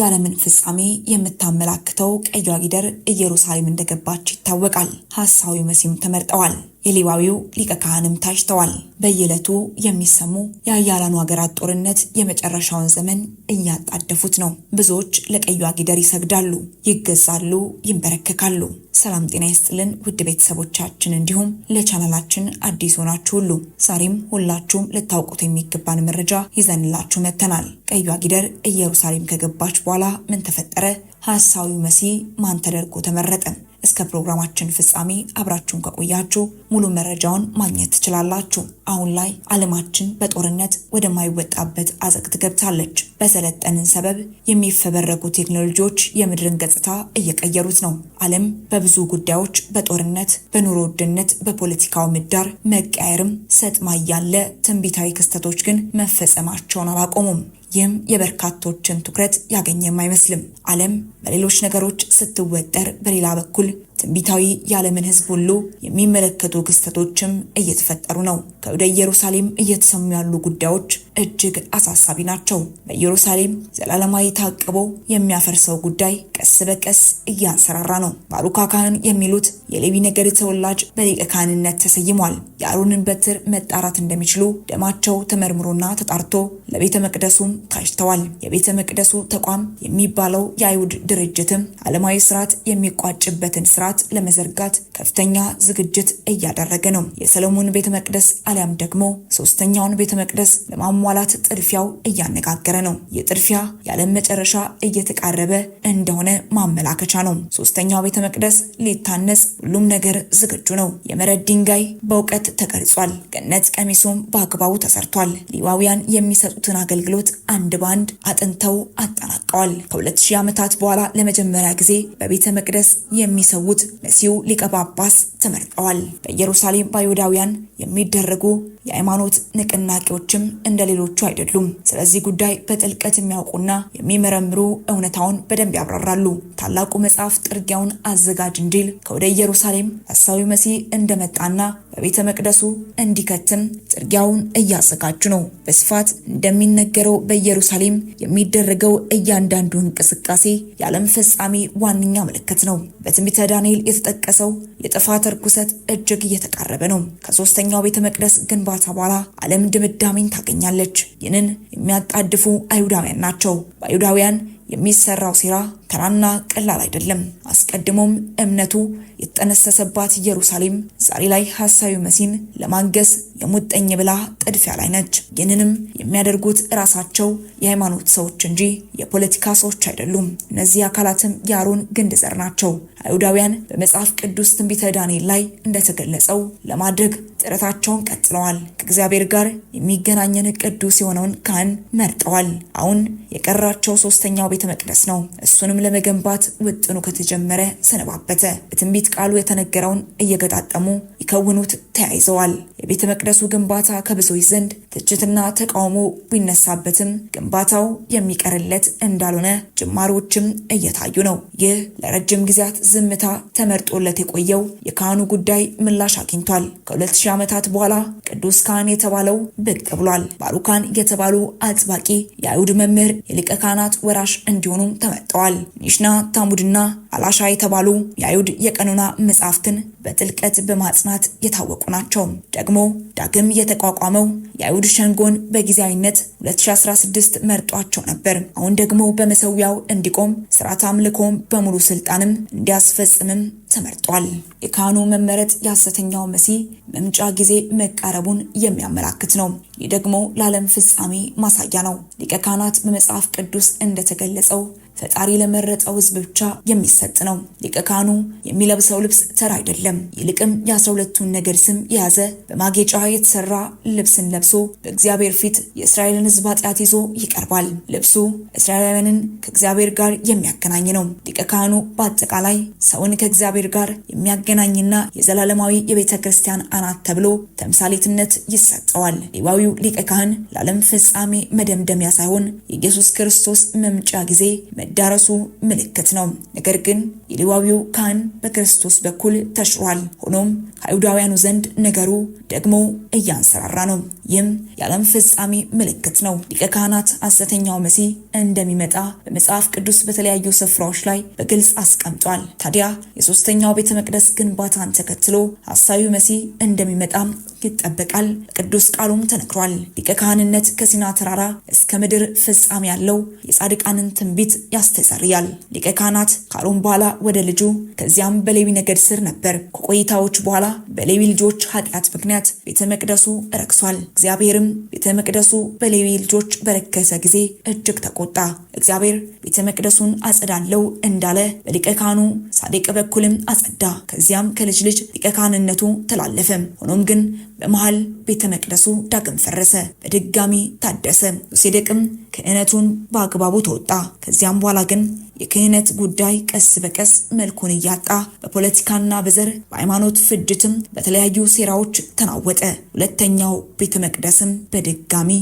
የዓለምን ፍጻሜ የምታመላክተው ቀዩ ጊደር ኢየሩሳሌም እንደገባች ይታወቃል። ሐሳዊ መሲም ተመርጠዋል። የሊባዊው ሊቀ ካህንም ታጭተዋል። በየዕለቱ የሚሰሙ የአያላኑ ሀገራት ጦርነት የመጨረሻውን ዘመን እያጣደፉት ነው። ብዙዎች ለቀዩ ጊደር ይሰግዳሉ፣ ይገዛሉ፣ ይንበረከካሉ። ሰላም ጤና ይስጥልን ውድ ቤተሰቦቻችን፣ እንዲሁም ለቻናላችን አዲስ ሆናችሁ ሁሉ ዛሬም ሁላችሁም ልታውቁት የሚገባን መረጃ ይዘንላችሁ መጥተናል። ቀዩ ጊደር ኢየሩሳሌም ከገባች በኋላ ምን ተፈጠረ? ሐሳዊው መሲህ ማን ተደርጎ ተመረጠም? እስከ ፕሮግራማችን ፍጻሜ አብራችሁን ከቆያችሁ ሙሉ መረጃውን ማግኘት ትችላላችሁ። አሁን ላይ ዓለማችን በጦርነት ወደማይወጣበት አዘቅት ገብታለች። በሰለጠንን ሰበብ የሚፈበረኩ ቴክኖሎጂዎች የምድርን ገጽታ እየቀየሩት ነው። ዓለም በብዙ ጉዳዮች በጦርነት፣ በኑሮ ውድነት፣ በፖለቲካው ምህዳር መቀያየርም ሰጥማ ያለ ትንቢታዊ ክስተቶች ግን መፈጸማቸውን አላቆሙም። ይህም የበርካቶችን ትኩረት ያገኘም አይመስልም። ዓለም በሌሎች ነገሮች ስትወጠር፣ በሌላ በኩል ትንቢታዊ የዓለምን ሕዝብ ሁሉ የሚመለከቱ ክስተቶችም እየተፈጠሩ ነው። ከወደ ኢየሩሳሌም እየተሰሙ ያሉ ጉዳዮች እጅግ አሳሳቢ ናቸው። በኢየሩሳሌም ዘላለማዊ ታቅቦ የሚያፈርሰው ጉዳይ ቀስ በቀስ እያንሰራራ ነው። ባሩካ ካህን የሚሉት የሌዊ ነገድ ተወላጅ በሊቀ ካህንነት ተሰይሟል። የአሮንን በትር መጣራት እንደሚችሉ ደማቸው ተመርምሮና ተጣርቶ ለቤተ መቅደሱም ታጭተዋል። የቤተ መቅደሱ ተቋም የሚባለው የአይሁድ ድርጅትም ዓለማዊ ስርዓት የሚቋጭበትን ስርዓት ስርዓት ለመዘርጋት ከፍተኛ ዝግጅት እያደረገ ነው። የሰለሞን ቤተ መቅደስ አሊያም ደግሞ ሶስተኛውን ቤተ መቅደስ ለማሟላት ጥድፊያው እያነጋገረ ነው። የጥድፊያ ያለም መጨረሻ እየተቃረበ እንደሆነ ማመላከቻ ነው። ሶስተኛው ቤተ መቅደስ ሊታነጽ ሁሉም ነገር ዝግጁ ነው። የመሬት ድንጋይ በእውቀት ተቀርጿል። ገነት ቀሚሱም በአግባቡ ተሰርቷል። ሊዋውያን የሚሰጡትን አገልግሎት አንድ በአንድ አጥንተው አጠናቀዋል። ከሁለት ሺህ ዓመታት በኋላ ለመጀመሪያ ጊዜ በቤተ መቅደስ የሚሰውት ያደረጉት መሲው ሊቀ ጳጳስ ተመርጠዋል። በኢየሩሳሌም በአይሁዳውያን የሚደረጉ የሃይማኖት ንቅናቄዎችም እንደ ሌሎቹ አይደሉም። ስለዚህ ጉዳይ በጥልቀት የሚያውቁና የሚመረምሩ እውነታውን በደንብ ያብራራሉ። ታላቁ መጽሐፍ ጥርጊያውን አዘጋጅ እንዲል ከወደ ኢየሩሳሌም ሐሳዊ መሲህ እንደመጣና በቤተ መቅደሱ እንዲከትም ጥርጊያውን እያዘጋጁ ነው። በስፋት እንደሚነገረው በኢየሩሳሌም የሚደረገው እያንዳንዱ እንቅስቃሴ የዓለም ፍጻሜ ዋነኛ ምልክት ነው። በትንቢተ ዳንኤል የተጠቀሰው የጥፋት እርኩሰት እጅግ እየተቃረበ ነው። ከሶስተኛው ቤተ መቅደስ ግንባታ በኋላ ዓለም ድምዳሜን ታገኛለች። ይህንን የሚያጣድፉ አይሁዳውያን ናቸው። በአይሁዳውያን የሚሰራው ሴራ ተራና ቀላል አይደለም። አስቀድሞም እምነቱ የተጠነሰሰባት ኢየሩሳሌም ዛሬ ላይ ሐሳዊ መሲን ለማንገስ የሙጠኝ ብላ ጥድፊያ ላይ ነች። ይህንንም የሚያደርጉት እራሳቸው የሃይማኖት ሰዎች እንጂ የፖለቲካ ሰዎች አይደሉም። እነዚህ አካላትም የአሮን ግንድ ዘር ናቸው። አይሁዳውያን በመጽሐፍ ቅዱስ ትንቢተ ዳንኤል ላይ እንደተገለጸው ለማድረግ ጥረታቸውን ቀጥለዋል። ከእግዚአብሔር ጋር የሚገናኘን ቅዱስ የሆነውን ካህን መርጠዋል። አሁን የቀራቸው ሶስተኛው ቤተ መቅደስ ነው። እሱንም ኢትዮጵያንም ለመገንባት ውጥኑ ከተጀመረ ሰነባበተ። በትንቢት ቃሉ የተነገረውን እየገጣጠሙ ይከውኑት ተያይዘዋል። የቤተ መቅደሱ ግንባታ ከብዙዎች ዘንድ ትችትና ተቃውሞ ቢነሳበትም ግንባታው የሚቀርለት እንዳልሆነ ጅማሮችም እየታዩ ነው። ይህ ለረጅም ጊዜያት ዝምታ ተመርጦለት የቆየው የካህኑ ጉዳይ ምላሽ አግኝቷል። ከ2000 ዓመታት በኋላ ቅዱስ ካህን የተባለው ብቅ ብሏል። ባሩካን የተባሉ አጥባቂ የአይሁድ መምህር የሊቀ ካህናት ወራሽ እንዲሆኑ ተመርጠዋል። ኒሽና ታሙድና አላሻ የተባሉ የአይሁድ የቀኖና መጻሕፍትን በጥልቀት በማጽናት የታወቁ ናቸው። ደግሞ ዳግም የተቋቋመው የአይሁድ ሸንጎን በጊዜያዊነት 2016 መርጧቸው ነበር። አሁን ደግሞ በመሰዊያው እንዲቆም ስርዓት አምልኮም በሙሉ ስልጣንም እንዲያስፈጽምም ተመርጧል። የካህኑ መመረጥ የሐሰተኛው መሲህ መምጫ ጊዜ መቃረቡን የሚያመላክት ነው። ይህ ደግሞ ለዓለም ፍጻሜ ማሳያ ነው። ሊቀ ካህናት በመጽሐፍ ቅዱስ እንደተገለጸው ፈጣሪ ለመረጠው ሕዝብ ብቻ የሚሰጥ ነው። ሊቀ ካህኑ የሚለብሰው ልብስ ተራ አይደለም። ይልቅም የአስራ ሁለቱን ነገድ ስም የያዘ በማጌጫ የተሰራ ልብስን ለብሶ በእግዚአብሔር ፊት የእስራኤልን ሕዝብ ኃጢአት ይዞ ይቀርባል። ልብሱ እስራኤላውያንን ከእግዚአብሔር ጋር የሚያገናኝ ነው። ሊቀ ካህኑ በአጠቃላይ ሰውን ከእግዚአብሔር ከእግዚአብሔር ጋር የሚያገናኝና የዘላለማዊ የቤተ ክርስቲያን አናት ተብሎ ተምሳሌትነት ይሰጠዋል። ሌዋዊው ሊቀ ካህን ለዓለም ፍጻሜ መደምደሚያ ሳይሆን የኢየሱስ ክርስቶስ መምጫ ጊዜ መዳረሱ ምልክት ነው። ነገር ግን የሌዋዊው ካህን በክርስቶስ በኩል ተሽሯል። ሆኖም ከአይሁዳውያኑ ዘንድ ነገሩ ደግሞ እያንሰራራ ነው። ይህም የዓለም ፍጻሜ ምልክት ነው። ሊቀ ካህናት ሐሰተኛው መሲህ እንደሚመጣ በመጽሐፍ ቅዱስ በተለያዩ ስፍራዎች ላይ በግልጽ አስቀምጧል። ታዲያ የሶስተ የአምስተኛው ቤተ መቅደስ ግንባታን ተከትሎ ሐሳዊው መሲህ እንደሚመጣም ይጠበቃል። ቅዱስ ቃሉም ተነግሯል። ሊቀ ካህንነት ከሲና ተራራ እስከ ምድር ፍጻሜ ያለው የጻድቃንን ትንቢት ያስተሰርያል። ሊቀ ካህናት ካሉም በኋላ ወደ ልጁ ከዚያም በሌዊ ነገድ ስር ነበር። ከቆይታዎች በኋላ በሌዊ ልጆች ኃጢአት ምክንያት ቤተ መቅደሱ ረክሷል። እግዚአብሔርም ቤተ መቅደሱ በሌዊ ልጆች በረከሰ ጊዜ እጅግ ተቆጣ። እግዚአብሔር ቤተ መቅደሱን አጸዳለው እንዳለ በሊቀ ካህኑ ሳዴቅ በኩልም አጸዳ። ከዚያም ከልጅ ልጅ ሊቀ ካህንነቱ ተላለፈም ሆኖም ግን በመሃል ቤተ መቅደሱ ዳግም ፈረሰ፣ በድጋሚ ታደሰ። ዮሴዴቅም ክህነቱን በአግባቡ ተወጣ። ከዚያም በኋላ ግን የክህነት ጉዳይ ቀስ በቀስ መልኩን እያጣ በፖለቲካና በዘር በሃይማኖት ፍጅትም በተለያዩ ሴራዎች ተናወጠ። ሁለተኛው ቤተ መቅደስም በድጋሚ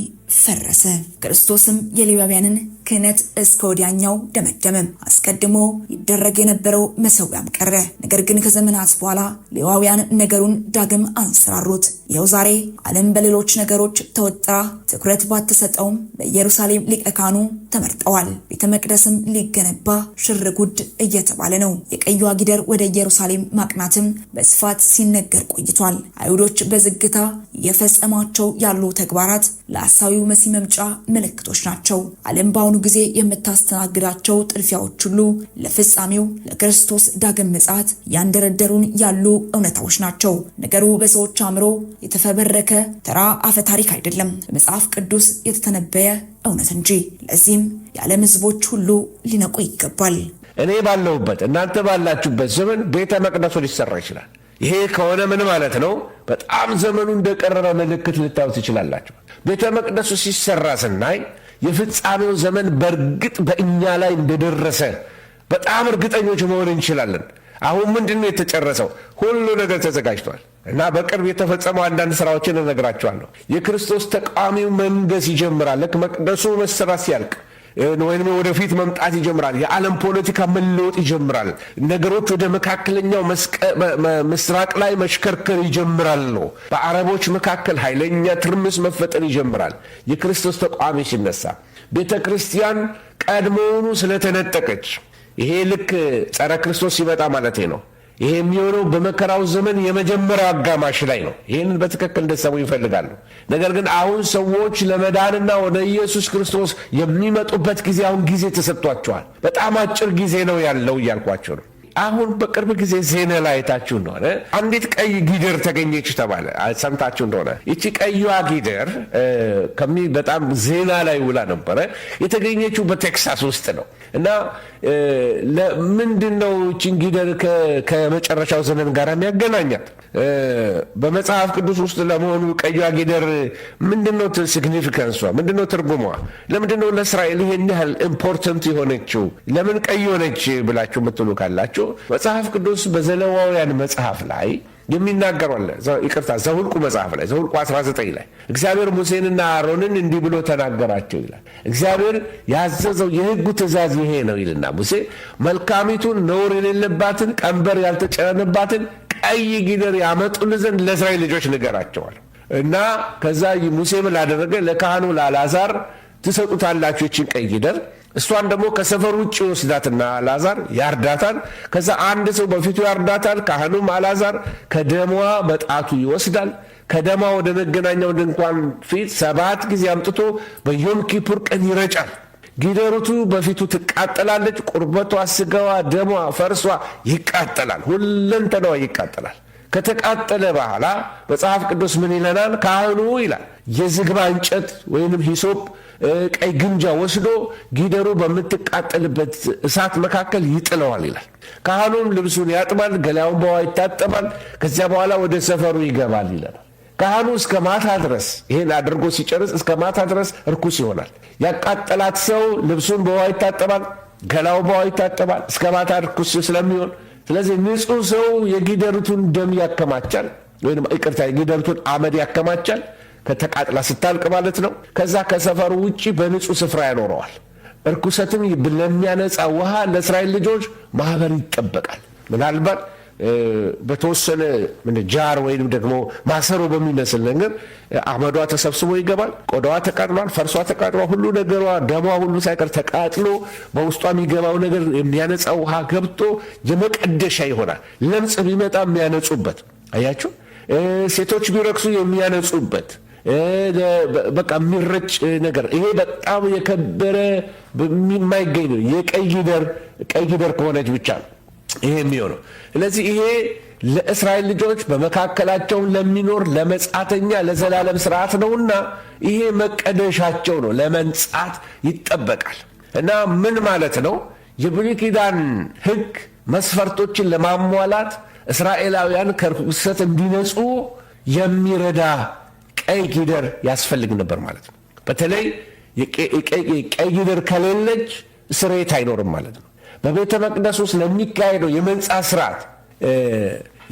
ፈረሰ። ክርስቶስም የሌዋውያንን ክህነት እስከ ወዲያኛው ደመደመ። አስቀድሞ ይደረግ የነበረው መሰዊያም ቀረ። ነገር ግን ከዘመናት በኋላ ሌዋውያን ነገሩን ዳግም አንሰራሩት። ይኸው ዛሬ ዓለም በሌሎች ነገሮች ተወጥራ ትኩረት ባትሰጠውም በኢየሩሳሌም ሊቀ ካህኑ ተመርጠዋል። ቤተ መቅደስም ሊገነባ ሽር ጉድ እየተባለ ነው። የቀይዋ ጊደር ወደ ኢየሩሳሌም ማቅናትም በስፋት ሲነገር ቆይቷል። አይሁዶች በዝግታ እየፈጸሟቸው ያሉ ተግባራት ለአሳዊ መሲ መምጫ ምልክቶች ናቸው። ዓለም በአሁኑ ጊዜ የምታስተናግዳቸው ጥልፊያዎች ሁሉ ለፍጻሜው ለክርስቶስ ዳግም ምጽአት ያንደረደሩን ያሉ እውነታዎች ናቸው። ነገሩ በሰዎች አእምሮ የተፈበረከ ተራ አፈ ታሪክ አይደለም፣ በመጽሐፍ ቅዱስ የተተነበየ እውነት እንጂ። ለዚህም የዓለም ሕዝቦች ሁሉ ሊነቁ ይገባል። እኔ ባለሁበት እናንተ ባላችሁበት ዘመን ቤተ መቅደሱ ሊሰራ ይችላል። ይሄ ከሆነ ምን ማለት ነው? በጣም ዘመኑ እንደቀረበ ምልክት ልታዩ ትችላላችሁ። ቤተ መቅደሱ ሲሰራ ስናይ የፍጻሜው ዘመን በእርግጥ በእኛ ላይ እንደደረሰ በጣም እርግጠኞች መሆን እንችላለን። አሁን ምንድን ነው የተጨረሰው? ሁሉ ነገር ተዘጋጅቷል እና በቅርብ የተፈጸመው አንዳንድ ስራዎችን እነግራችኋለሁ። የክርስቶስ ተቃዋሚው መንገስ ይጀምራል። ልክ መቅደሱ መሰራት ሲያልቅ ወይም ወደፊት መምጣት ይጀምራል። የዓለም ፖለቲካ መለወጥ ይጀምራል። ነገሮች ወደ መካከለኛው ምስራቅ ላይ መሽከርከር ይጀምራሉ። በአረቦች መካከል ኃይለኛ ትርምስ መፈጠር ይጀምራል። የክርስቶስ ተቃዋሚ ሲነሳ ቤተ ክርስቲያን ቀድሞውኑ ስለተነጠቀች፣ ይሄ ልክ ጸረ ክርስቶስ ሲመጣ ማለት ነው ይሄ የሚሆነው በመከራው ዘመን የመጀመሪያው አጋማሽ ላይ ነው። ይህንን በትክክል እንደሰሙ ይፈልጋሉ። ነገር ግን አሁን ሰዎች ለመዳንና ወደ ኢየሱስ ክርስቶስ የሚመጡበት ጊዜ አሁን ጊዜ ተሰጥቷቸዋል። በጣም አጭር ጊዜ ነው ያለው እያልኳቸው ነው። አሁን በቅርብ ጊዜ ዜና ላይ አይታችሁ እንደሆነ አንዲት ቀይ ጊደር ተገኘች ተባለ። ሰምታችሁ እንደሆነ ይቺ ቀይዋ ጊደር በጣም ዜና ላይ ውላ ነበረ። የተገኘችው በቴክሳስ ውስጥ ነው እና ለምንድን ነው ይቺን ጊደር ከመጨረሻው ዘመን ጋር የሚያገናኛት? በመጽሐፍ ቅዱስ ውስጥ ለመሆኑ ቀይዋ ጊደር ምንድነው ሲግኒፊካንሷ? ምንድነው ትርጉሟ? ለምንድነው ለእስራኤል ይህን ያህል ኢምፖርተንት የሆነችው? ለምን ቀይ ሆነች ብላችሁ የምትሉ ካላችሁ መጽሐፍ ቅዱስ በዘሌዋውያን መጽሐፍ ላይ የሚናገሩ አለ። ይቅርታ ዘውልቁ መጽሐፍ ላይ ዘውልቁ 19 ላይ እግዚአብሔር ሙሴንና አሮንን እንዲህ ብሎ ተናገራቸው ይላል። እግዚአብሔር ያዘዘው የሕጉ ትእዛዝ ይሄ ነው ይልና ሙሴ መልካሚቱን ነውር የሌለባትን ቀንበር ያልተጨነባትን ቀይ ጊደር ያመጡል ዘንድ ለእስራኤል ልጆች ንገራቸዋል እና ከዛ ሙሴ ምን አደረገ? ለካህኑ ለአልዓዛር ትሰጡታላችሁ ይችን ቀይ ጊደር እሷን ደግሞ ከሰፈር ውጭ ወስዳትና አልዓዛር ያርዳታል። ከዛ አንድ ሰው በፊቱ ያርዳታል። ካህኑም አላዛር ከደሟ በጣቱ ይወስዳል። ከደማ ወደ መገናኛው ድንኳን ፊት ሰባት ጊዜ አምጥቶ በዮም ኪፑር ቀን ይረጫል። ጊደሩቱ በፊቱ ትቃጠላለች። ቁርበቷ፣ ስጋዋ፣ ደሟ፣ ፈርሷ ይቃጠላል። ሁለንተናዋ ይቃጠላል። ከተቃጠለ በኋላ መጽሐፍ ቅዱስ ምን ይለናል? ካህኑ ይላል የዝግባ እንጨት ወይንም ሂሶፕ ቀይ ግምጃ ወስዶ ጊደሩ በምትቃጠልበት እሳት መካከል ይጥለዋል ይላል። ካህኑም ልብሱን ያጥባል፣ ገላውን በውሃ ይታጠባል። ከዚያ በኋላ ወደ ሰፈሩ ይገባል ይለናል። ካህኑ እስከ ማታ ድረስ ይህን አድርጎ ሲጨርስ እስከ ማታ ድረስ እርኩስ ይሆናል። ያቃጠላት ሰው ልብሱን በውሃ ይታጠባል፣ ገላው በውሃ ይታጠባል። እስከ ማታ እርኩስ ስለሚሆን ስለዚህ ንጹህ ሰው የጊደሪቱን ደም ያከማቻል፣ ወይም ይቅርታ የጊደሪቱን አመድ ያከማቻል፣ ከተቃጥላ ስታልቅ ማለት ነው። ከዛ ከሰፈሩ ውጭ በንጹህ ስፍራ ያኖረዋል። እርኩሰትም ለሚያነጻ ውሃ ለእስራኤል ልጆች ማህበር ይጠበቃል ምናልባት በተወሰነ ጃር ወይም ደግሞ ማሰሮ በሚመስል ነገር አመዷ ተሰብስቦ ይገባል። ቆዳዋ ተቃጥሏል፣ ፈርሷ ተቃጥሏል ሁሉ ነገሯ ደሟ ሁሉ ሳይቀር ተቃጥሎ በውስጧ የሚገባው ነገር የሚያነጻ ውሃ ገብቶ የመቀደሻ ይሆናል። ለምጽ ቢመጣ የሚያነጹበት አያችሁ። ሴቶች ቢረክሱ የሚያነጹበት በቃ የሚረጭ ነገር ይሄ በጣም የከበረ የማይገኝ ነው። የቀይ ደር ቀይ ደር ከሆነች ብቻ ነው። ይሄ የሚሆነው ስለዚህ ይሄ ለእስራኤል ልጆች በመካከላቸው ለሚኖር ለመጻተኛ ለዘላለም ስርዓት ነውና ይሄ መቀደሻቸው ነው፣ ለመንጻት ይጠበቃል። እና ምን ማለት ነው? የብሉይ ኪዳን ሕግ መስፈርቶችን ለማሟላት እስራኤላውያን ከርኩሰት እንዲነጹ የሚረዳ ቀይ ጊደር ያስፈልግ ነበር ማለት ነው። በተለይ ቀይ ጊደር ከሌለች ስሬት አይኖርም ማለት ነው። በቤተ መቅደስ ውስጥ ለሚካሄደው የመንፃ ስርዓት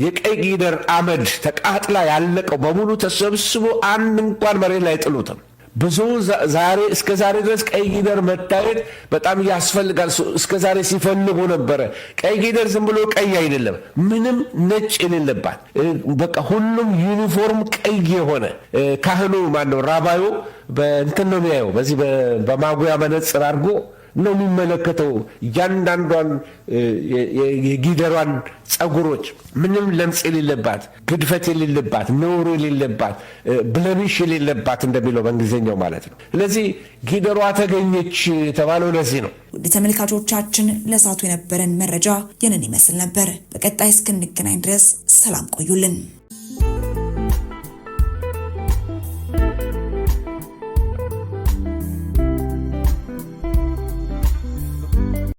የቀይ ጊደር አመድ ተቃጥላ ያለቀው በሙሉ ተሰብስቦ አንድ እንኳን መሬት ላይ ጥሉትም። ብዙ ዛሬ እስከ ዛሬ ድረስ ቀይ ጊደር መታየት በጣም ያስፈልጋል። እስከ ዛሬ ሲፈልጉ ነበረ። ቀይ ጊደር ዝም ብሎ ቀይ አይደለም፣ ምንም ነጭ የሌለባት በቃ ሁሉም ዩኒፎርም ቀይ የሆነ ካህኑ ማነው ራባዩ በእንትን ነው የሚያየው በዚህ በማጉያ መነጽር አድርጎ ነው የሚመለከተው እያንዳንዷን የጊደሯን ጸጉሮች ምንም ለምጽ የሌለባት ግድፈት የሌለባት ነውሩ የሌለባት ብለሚሽ የሌለባት እንደሚለው በእንግሊዝኛው ማለት ነው። ስለዚህ ጊደሯ ተገኘች የተባለው ለዚህ ነው። ውድ ተመልካቾቻችን ለሳቱ የነበረን መረጃ ይህንን ይመስል ነበር። በቀጣይ እስክንገናኝ ድረስ ሰላም ቆዩልን።